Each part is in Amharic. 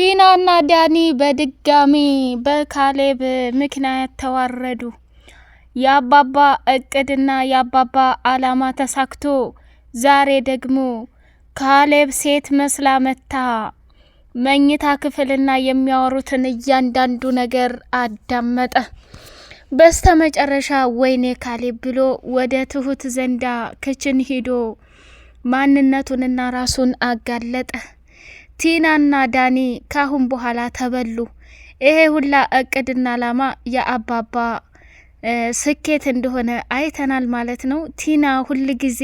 እና ዳኒ በድጋሚ በካሌብ ምክንያት ተዋረዱ። የአባባ እቅድና የአባባ አላማ ተሳክቶ ዛሬ ደግሞ ካሌብ ሴት መስላ መታ መኝታ ክፍልና የሚያወሩትን እያንዳንዱ ነገር አዳመጠ። በስተ መጨረሻ ወይኔ ካሌብ ብሎ ወደ ትሁት ዘንዳ ክችን ሂዶ ማንነቱንና ራሱን አጋለጠ። ቲናና ዳኒ ካሁን በኋላ ተበሉ። ይሄ ሁላ እቅድና አላማ የአባባ ስኬት እንደሆነ አይተናል ማለት ነው። ቲና ሁል ጊዜ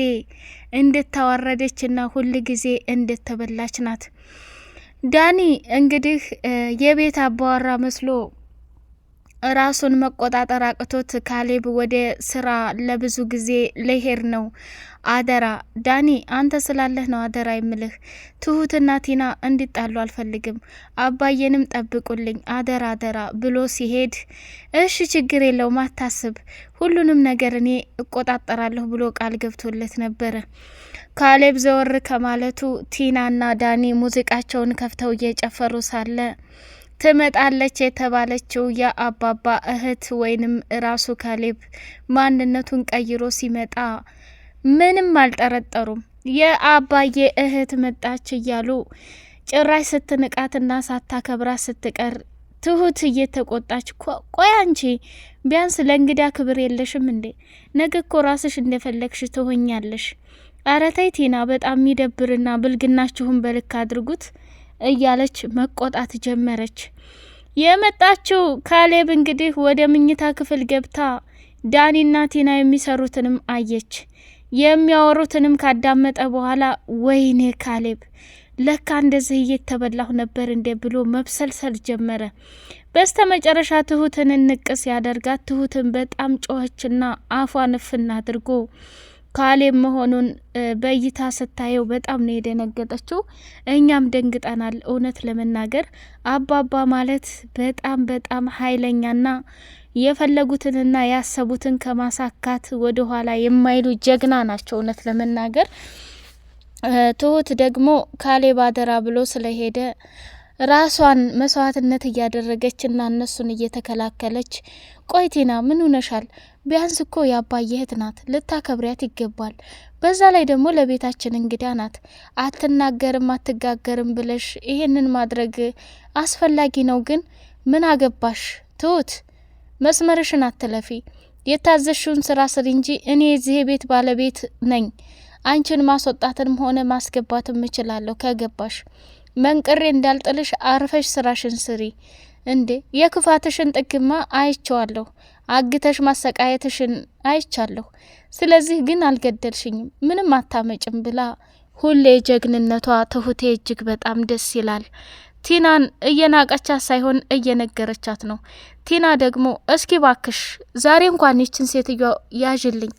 እና ሁል ጊዜ እንድትበላች ናት። ዳኒ እንግዲህ የቤት አባወራ መስሎ ራሱን መቆጣጠር አቅቶት ካሌብ ወደ ስራ ለብዙ ጊዜ ለሄድ ነው። አደራ ዳኒ፣ አንተ ስላለህ ነው አደራ የምልህ። ትሁትና ቲና እንዲጣሉ አልፈልግም። አባዬንም ጠብቁልኝ፣ አደራ አደራ ብሎ ሲሄድ እሺ ችግር የለውም አታስብ፣ ሁሉንም ነገር እኔ እቆጣጠራለሁ ብሎ ቃል ገብቶለት ነበረ። ካሌብ ዘወር ከማለቱ ቲናና ዳኒ ሙዚቃቸውን ከፍተው እየጨፈሩ ሳለ ትመጣለች የተባለችው የአባባ እህት ወይንም ራሱ ካሌብ ማንነቱን ቀይሮ ሲመጣ ምንም አልጠረጠሩም። የአባዬ እህት መጣች እያሉ ጭራሽ ስትንቃትና ሳታከብራት ስትቀር ትሁት እየተቆጣች ቆይ አንቺ ቢያንስ ለእንግዳ ክብር የለሽም እንዴ? ነገ እኮ ራስሽ እንደፈለግሽ ትሆኛለሽ። አረ ተይ ቲና፣ በጣም የሚደብርና ብልግናችሁን በልክ አድርጉት። እያለች መቆጣት ጀመረች። የመጣችው ካሌብ እንግዲህ ወደ ምኝታ ክፍል ገብታ ዳኒና ቲና የሚሰሩትንም አየች። የሚያወሩትንም ካዳመጠ በኋላ ወይኔ ካሌብ ለካ እንደዚህ እየተበላሁ ነበር እንዴ ብሎ መብሰልሰል ጀመረ። በስተ መጨረሻ ትሁትን እንቅስ ያደርጋት። ትሁትን በጣም ጮኸችና አፏን እፍና አድርጎ ካሌብ መሆኑን በእይታ ስታየው በጣም ነው የደነገጠችው። እኛም ደንግጠናል። እውነት ለመናገር አባባ ማለት በጣም በጣም ኃይለኛና የፈለጉትንና ያሰቡትን ከማሳካት ወደኋላ የማይሉ ጀግና ናቸው። እውነት ለመናገር ትሁት ደግሞ ካሌብ አደራ ብሎ ስለሄደ ራሷን መስዋዕትነት እያደረገች እና እነሱን እየተከላከለች ቆይቴና ምን ሆነሻል? ቢያንስ እኮ የአባዬ እህት ናት፣ ልታከብሪያት ይገባል። በዛ ላይ ደግሞ ለቤታችን እንግዳ ናት። አትናገርም፣ አትጋገርም ብለሽ ይሄንን ማድረግ አስፈላጊ ነው። ግን ምን አገባሽ ትሁት፣ መስመርሽን አትለፊ። የታዘሽውን ስራ ስሪ እንጂ እኔ የዚህ ቤት ባለቤት ነኝ። አንቺን ማስወጣትንም ሆነ ማስገባትም እችላለሁ። ከገባሽ መንቅሬ እንዳልጥልሽ አርፈሽ ስራሽን ስሪ። እንዴ የክፋትሽን ጥግማ አይቸዋለሁ። አግተሽ ማሰቃየትሽን አይቻለሁ። ስለዚህ ግን አልገደልሽኝም፣ ምንም አታመጭም ብላ ሁሌ ጀግንነቷ ትሁቴ እጅግ በጣም ደስ ይላል። ቲናን እየናቀቻት ሳይሆን እየነገረቻት ነው። ቲና ደግሞ እስኪ ባክሽ ዛሬ እንኳን ይችን ሴትዮ ያዥልኝ፣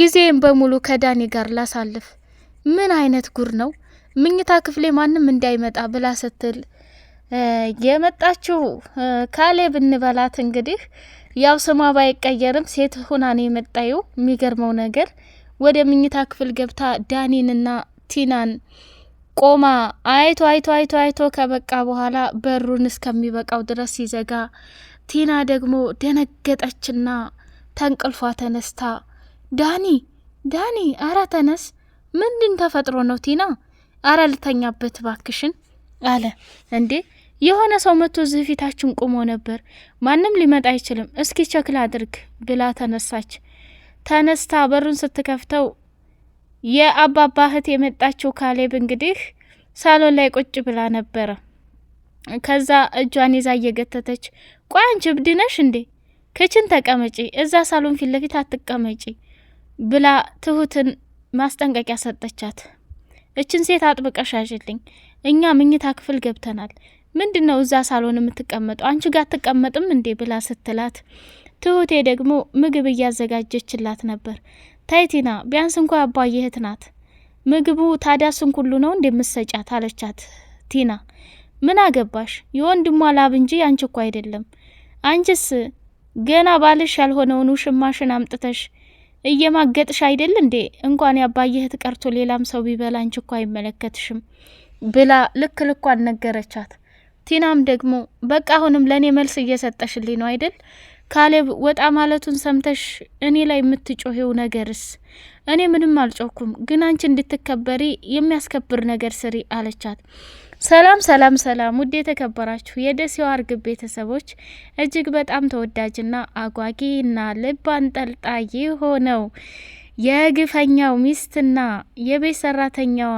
ጊዜም በሙሉ ከዳኒ ጋር ላሳልፍ። ምን አይነት ጉር ነው ምኝታ ክፍሌ ማንም እንዳይመጣ ብላ ስትል የመጣችው ካሌብ እንበላት እንግዲህ ያው ስሟ ባይቀየርም ሴት ሁና ነው የመጣየው። የሚገርመው ነገር ወደ ምኝታ ክፍል ገብታ ዳኒንና ቲናን ቆማ አይቶ አይቶ አይቶ አይቶ ከበቃ በኋላ በሩን እስከሚበቃው ድረስ ሲዘጋ ቲና ደግሞ ደነገጠችና ተንቅልፏ ተነስታ ዳኒ ዳኒ፣ አረ ተነስ፣ ምንድን ተፈጥሮ ነው ቲና? አረ ልተኛበት ባክሽን አለ እንዴ የሆነ ሰው መጥቶ እዚህ ፊታችን ቁሞ ነበር። ማንም ሊመጣ አይችልም፣ እስኪ ቸክል አድርግ ብላ ተነሳች። ተነስታ በሩን ስትከፍተው የአባባ እህት የመጣችው ካሌብ እንግዲህ ሳሎን ላይ ቁጭ ብላ ነበረ። ከዛ እጇን ይዛ እየገተተች ቆይ አንቺ እብድ ነሽ እንዴ? ክችን ተቀመጪ፣ እዛ ሳሎን ፊት ለፊት አትቀመጪ ብላ ትሁትን ማስጠንቀቂያ ሰጠቻት። እችን ሴት አጥብቀሽ ያዥልኝ፣ እኛ ምኝታ ክፍል ገብተናል ምንድን ነው እዛ ሳሎን የምትቀመጠው? አንቺ ጋር አትቀመጥም እንዴ ብላ ስትላት ትሁቴ ደግሞ ምግብ እያዘጋጀችላት ነበር። ታይቲና ቢያንስ እንኳ አባዬ እህት ናት ምግቡ ታዲያ ሁሉ ነው እንዴ ምሰጫት? አለቻት። ቲና ምን አገባሽ የወንድሟ ላብ እንጂ አንቺ እኮ አይደለም። አንቺስ ገና ባልሽ ያልሆነውን ውሽማሽን አምጥተሽ እየማገጥሽ አይደል እንዴ? እንኳን ያባየ ቀርቶ ሌላም ሰው ቢበላ አንቺ እኮ አይመለከትሽም ብላ ልክ ልኳን ነገረቻት። ቲናም ደግሞ በቃ አሁንም ለእኔ መልስ እየሰጠሽልኝ ነው አይደል? ካሌብ ወጣ ማለቱን ሰምተሽ እኔ ላይ የምትጮሄው ነገርስ? እኔ ምንም አልጮኩም፣ ግን አንቺ እንድትከበሪ የሚያስከብር ነገር ስሪ አለቻት። ሰላም ሰላም ሰላም! ውድ የተከበራችሁ የደሴው አርግብ ቤተሰቦች እጅግ በጣም ተወዳጅና አጓጊና ልብ አንጠልጣይ የሆነው የግፈኛው ሚስትና የቤት ሰራተኛዋ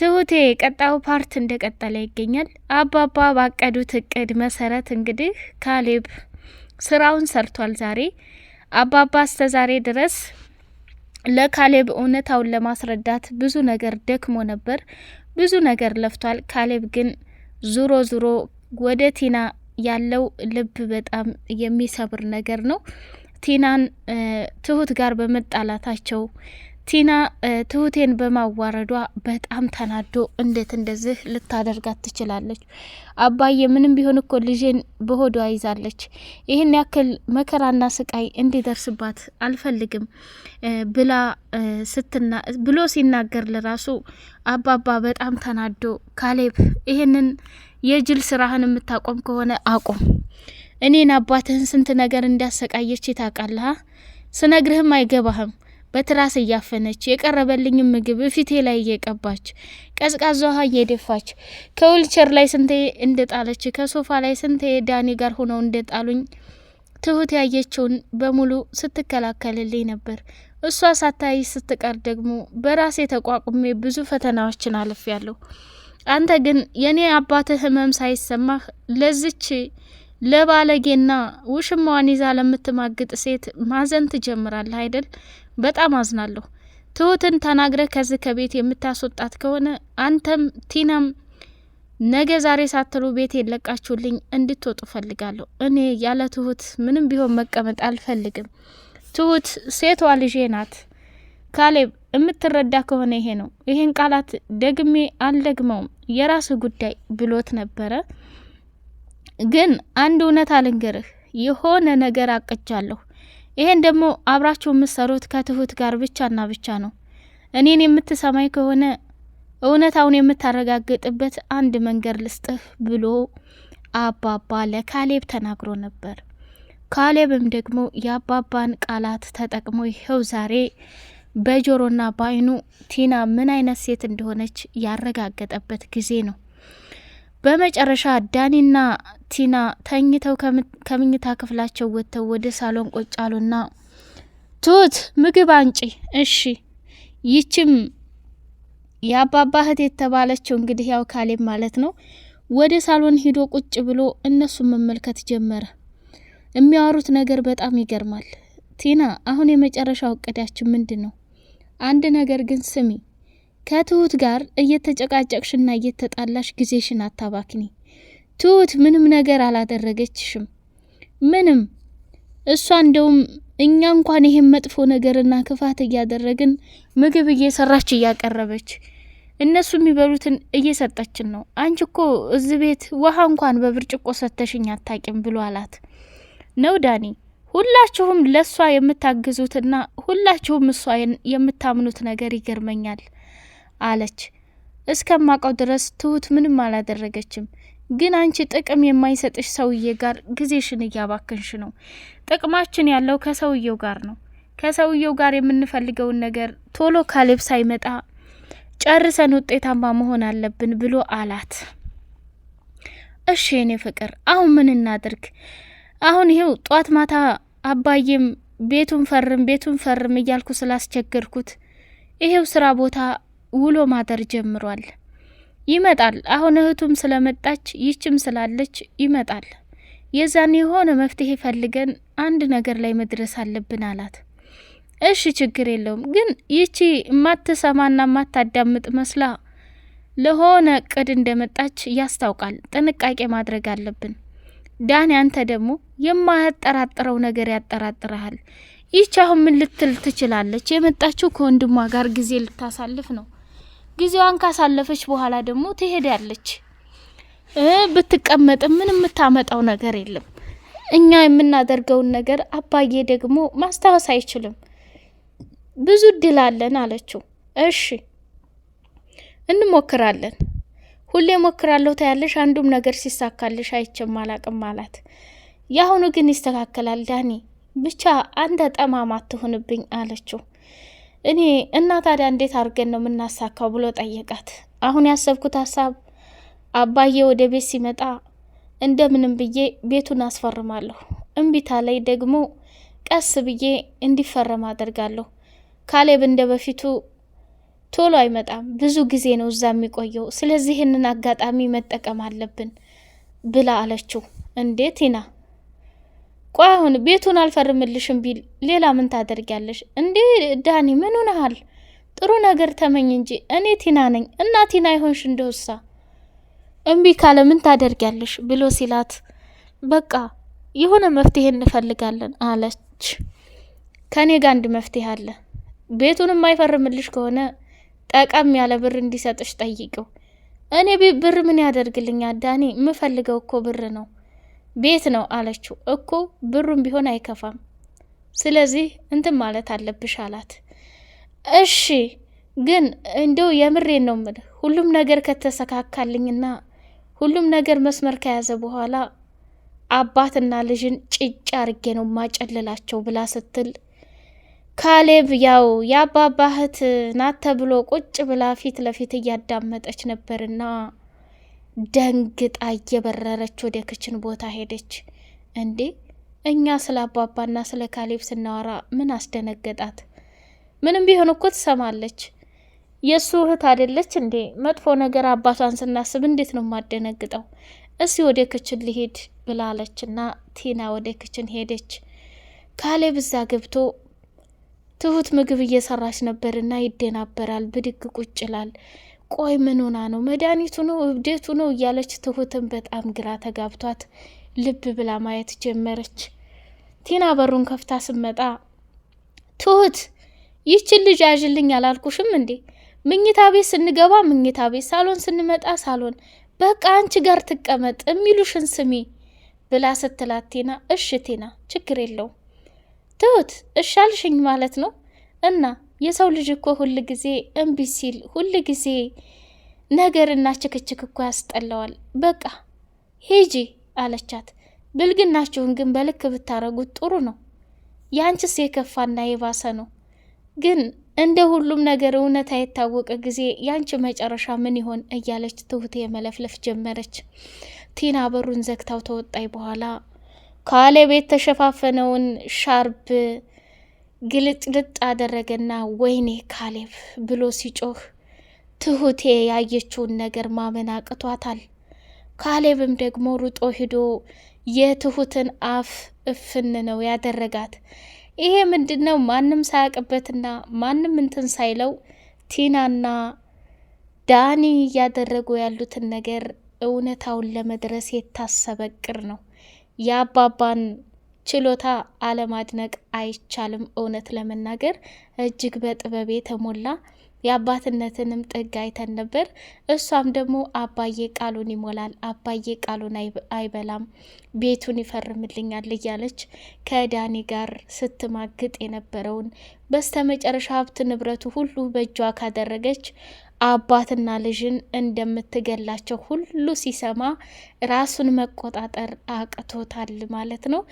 ትሁቴ ቀጣዩ ፓርት እንደቀጠለ ይገኛል። አባባ ባቀዱት እቅድ መሰረት እንግዲህ ካሌብ ስራውን ሰርቷል። ዛሬ አባባ እስከ ዛሬ ድረስ ለካሌብ እውነታውን ለማስረዳት ብዙ ነገር ደክሞ ነበር፣ ብዙ ነገር ለፍቷል። ካሌብ ግን ዙሮ ዙሮ ወደ ቲና ያለው ልብ በጣም የሚሰብር ነገር ነው። ቲናን ትሁት ጋር በመጣላታቸው ቲና ትሁቴን በማዋረዷ በጣም ተናዶ እንዴት እንደዚህ ልታደርጋት ትችላለች? አባዬ ምንም ቢሆን እኮ ልጄን በሆዷ ይዛለች። ይህን ያክል መከራና ስቃይ እንዲደርስባት አልፈልግም ብላ ስትና ብሎ ሲናገር ለራሱ አባባ በጣም ተናዶ ካሌብ ይህንን የጅል ስራህን የምታቆም ከሆነ አቁም። እኔን አባትህን ስንት ነገር እንዳሰቃየች ታውቃለህ። ስነግርህም አይገባህም በትራስ እያፈነች የቀረበልኝም ምግብ ፊቴ ላይ እየቀባች ቀዝቃዛ ውሃ እየደፋች ከዊልቸር ላይ ስንቴ እንደጣለች ከሶፋ ላይ ስንቴ ዳኔ ጋር ሆነው እንደጣሉኝ ትሁት ያየችውን በሙሉ ስትከላከልልኝ ነበር። እሷ ሳታይ ስትቀር ደግሞ በራሴ ተቋቁሜ ብዙ ፈተናዎችን ያለሁ። አንተ ግን የእኔ አባትህ ህመም ሳይሰማህ ለዝች ለባለጌና ውሽማዋን ይዛ ለምትማግጥ ሴት ማዘን ትጀምራለህ አይደል? በጣም አዝናለሁ። ትሁትን ተናግረህ ከዚህ ከቤት የምታስወጣት ከሆነ አንተም ቲናም ነገ ዛሬ ሳትሉ ቤት የለቃችሁልኝ እንድትወጡ ፈልጋለሁ። እኔ ያለ ትሁት ምንም ቢሆን መቀመጥ አልፈልግም። ትሁት ሴቷ ልጄ ናት። ካሌብ የምትረዳ ከሆነ ይሄ ነው። ይሄን ቃላት ደግሜ አልደግመውም፣ የራስ ጉዳይ ብሎት ነበረ። ግን አንድ እውነት አልንገርህ፣ የሆነ ነገር አቅቻለሁ። ይሄን ደግሞ አብራችሁ የምትሰሩት ከትሁት ጋር ብቻና ብቻ ነው። እኔን የምትሰማኝ ከሆነ እውነታውን የምታረጋግጥበት አንድ መንገድ ልስጥህ ብሎ አባባ ለካሌብ ተናግሮ ነበር። ካሌብም ደግሞ የአባባን ቃላት ተጠቅሞ ይኸው ዛሬ በጆሮና በአይኑ ቲና ምን አይነት ሴት እንደሆነች ያረጋገጠበት ጊዜ ነው። በመጨረሻ ዳኒና ቲና ተኝተው ከምኝታ ክፍላቸው ወጥተው ወደ ሳሎን ቆጭ አሉና ትሁት ምግብ አንጪ እሺ። ይችም የአባባ እህት የተባለችው እንግዲህ ያው ካሌብ ማለት ነው። ወደ ሳሎን ሂዶ ቁጭ ብሎ እነሱን መመልከት ጀመረ። የሚያወሩት ነገር በጣም ይገርማል። ቲና አሁን የመጨረሻው እቅዳችን ምንድን ነው? አንድ ነገር ግን ስሚ ከትሁት ጋር እየተጨቃጨቅሽና እየተጣላሽ ጊዜሽን አታባክኒ። ትሁት ምንም ነገር አላደረገችሽም፣ ምንም እሷ እንደውም እኛ እንኳን ይሄን መጥፎ ነገርና ክፋት እያደረግን ምግብ እየሰራች እያቀረበች እነሱ የሚበሉትን እየሰጠችን ነው። አንቺ እኮ እዚህ ቤት ውሃ እንኳን በብርጭቆ ሰተሽኝ አታቂም ብሎ አላት። ነው ዳኒ፣ ሁላችሁም ለእሷ የምታግዙትና ሁላችሁም እሷ የምታምኑት ነገር ይገርመኛል። አለች። እስከማውቀው ድረስ ትሁት ምንም አላደረገችም። ግን አንቺ ጥቅም የማይሰጥሽ ሰውዬ ጋር ጊዜሽን እያባክንሽ ነው። ጥቅማችን ያለው ከሰውየው ጋር ነው። ከሰውየው ጋር የምንፈልገውን ነገር ቶሎ ካሌብ ሳይመጣ ጨርሰን ውጤታማ መሆን አለብን ብሎ አላት። እሺ የኔ ፍቅር አሁን ምን እናድርግ? አሁን ይሄው ጧት ማታ አባዬም ቤቱን ፈርም ቤቱን ፈርም እያልኩ ስላስቸገርኩት ይሄው ስራ ቦታ ውሎ ማደር ጀምሯል። ይመጣል። አሁን እህቱም ስለመጣች ይችም ስላለች ይመጣል። የዛን የሆነ መፍትሄ ፈልገን አንድ ነገር ላይ መድረስ አለብን አላት። እሺ ችግር የለውም ግን ይቺ የማትሰማና የማታዳምጥ መስላ ለሆነ እቅድ እንደመጣች ያስታውቃል። ጥንቃቄ ማድረግ አለብን። ዳኒ፣ አንተ ደግሞ የማያጠራጥረው ነገር ያጠራጥረሃል። ይች አሁን ምን ልትል ትችላለች? የመጣችው ከወንድሟ ጋር ጊዜ ልታሳልፍ ነው። ጊዜዋን ካሳለፈች በኋላ ደግሞ ትሄዳለች። ብትቀመጥም ምን የምታመጣው ነገር የለም። እኛ የምናደርገውን ነገር አባዬ ደግሞ ማስታወስ አይችልም። ብዙ እድል አለን አለችው። እሺ እንሞክራለን፣ ሁሌ ሞክራለሁ ታያለሽ፣ አንዱም ነገር ሲሳካልሽ አይችም አላቅም አላት። የአሁኑ ግን ይስተካከላል ዳኒ፣ ብቻ አንተ ጠማማ አትሆንብኝ አለችው። እኔ እና ታዲያ እንዴት አድርገን ነው የምናሳካው ብሎ ጠየቃት። አሁን ያሰብኩት ሀሳብ አባዬ ወደ ቤት ሲመጣ እንደምንም ብዬ ቤቱን አስፈርማለሁ። እምቢታ ላይ ደግሞ ቀስ ብዬ እንዲፈረም አደርጋለሁ። ካሌብ እንደ በፊቱ ቶሎ አይመጣም፣ ብዙ ጊዜ ነው እዛ የሚቆየው። ስለዚህ ይህንን አጋጣሚ መጠቀም አለብን ብላ አለችው። እንዴት ቲና ቆይ አሁን ቤቱን አልፈርምልሽም ቢል ሌላ ምን ታደርጊያለሽ? እንዲህ ዳኒ ምን ሆነሃል? ጥሩ ነገር ተመኝ እንጂ እኔ ቲና ነኝ እና ቲና ይሆንሽ እንደውሳ እምቢ ካለ ምን ታደርጊያለሽ ብሎ ሲላት፣ በቃ የሆነ መፍትሄ እንፈልጋለን አለች። ከእኔ ጋር አንድ መፍትሄ አለ። ቤቱን የማይፈርምልሽ ከሆነ ጠቀም ያለ ብር እንዲሰጥሽ ጠይቂው። እኔ ብር ምን ያደርግልኛል ዳኒ፣ የምፈልገው እኮ ብር ነው ቤት ነው አለችው። እኮ ብሩም ቢሆን አይከፋም፣ ስለዚህ እንትን ማለት አለብሽ አላት። እሺ ግን እንደው የምሬን ነው ምል ሁሉም ነገር ከተሰካካልኝና ሁሉም ነገር መስመር ከያዘ በኋላ አባትና ልጅን ጭጭ አርጌ ነው ማጨልላቸው ብላ ስትል ካሌብ ያው የአባባህት ናት ተብሎ ቁጭ ብላ ፊት ለፊት እያዳመጠች ነበርና ደንግጣ እየበረረች ወደ ክችን ቦታ ሄደች። እንዴ እኛ ስለ አባባና ስለ ካሌብ ስናወራ ምን አስደነገጣት? ምንም ቢሆን እኮ ትሰማለች። የእሱ እህት አይደለች እንዴ? መጥፎ ነገር አባቷን ስናስብ እንዴት ነው የማደነግጠው? እሲ ወደ ክችን ሊሄድ ብላለችና ቲና ወደ ክችን ሄደች። ካሌብ እዛ ገብቶ ትሁት ምግብ እየሰራች ነበርና ይደናበራል። ብድግ ቁጭ ይላል። ቆይ ምን ሆና ነው መድኃኒቱ ነው እብደቱ ነው እያለች ትሁትን በጣም ግራ ተጋብቷት ልብ ብላ ማየት ጀመረች። ቲና በሩን ከፍታ ስመጣ ትሁት ይህችን ልጅ ያዥልኝ አላልኩሽም እንዴ? ምኝታ ቤት ስንገባ ምኝታ ቤት፣ ሳሎን ስንመጣ ሳሎን፣ በቃ አንቺ ጋር ትቀመጥ የሚሉሽን ስሚ ብላ ስትላት ቲና እሽ ቲና ችግር የለውም ትሁት እሻልሽኝ ማለት ነው እና የሰው ልጅ እኮ ሁል ጊዜ እምቢ ሲል ሁል ጊዜ ነገርና ችክችክ እኮ ያስጠላዋል። በቃ ሂጂ አለቻት። ብልግናችሁን ግን በልክ ብታረጉት ጥሩ ነው። ያንቺስ የከፋና የባሰ ነው። ግን እንደ ሁሉም ነገር እውነታ የታወቀ ጊዜ ያንቺ መጨረሻ ምን ይሆን እያለች ትሁት መለፍለፍ ጀመረች። ቲና በሩን ዘግታው ተወጣይ በኋላ ካሌብ የተሸፋፈነውን ሻርብ ግልጥልጥ አደረገና ወይኔ ካሌብ ብሎ ሲጮህ ትሁቴ ያየችውን ነገር ማመን አቅቷታል። ካሌብም ደግሞ ሩጦ ሂዶ የትሁትን አፍ እፍን ነው ያደረጋት። ይሄ ምንድን ነው? ማንም ሳያውቅበትና ማንም እንትን ሳይለው ቲናና ዳኒ እያደረጉ ያሉትን ነገር እውነታውን ለመድረስ የታሰበ ቅር ነው የአባባን ችሎታ አለማድነቅ አይቻልም። እውነት ለመናገር እጅግ በጥበብ የተሞላ የአባትነትንም ጥግ አይተን ነበር። እሷም ደግሞ አባዬ ቃሉን ይሞላል፣ አባዬ ቃሉን አይበላም፣ ቤቱን ይፈርምልኛል እያለች ከዳኒ ጋር ስትማግጥ የነበረውን በስተመጨረሻ ሀብት ንብረቱ ሁሉ በእጇ ካደረገች አባትና ልጅን እንደምትገላቸው ሁሉ ሲሰማ ራሱን መቆጣጠር አቅቶታል ማለት ነው።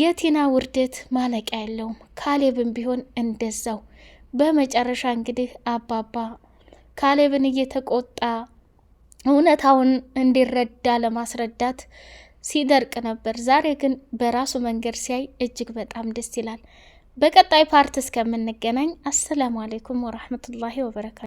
የቲና ውርደት ማለቂያ የለውም። ካሌብን ቢሆን እንደዛው። በመጨረሻ እንግዲህ አባባ ካሌብን እየተቆጣ እውነታውን እንዲረዳ ለማስረዳት ሲደርቅ ነበር። ዛሬ ግን በራሱ መንገድ ሲያይ እጅግ በጣም ደስ ይላል። በቀጣይ ፓርት እስከምንገናኝ አሰላሙ አሌይኩም ወራህመቱላሂ ወበረካቱ።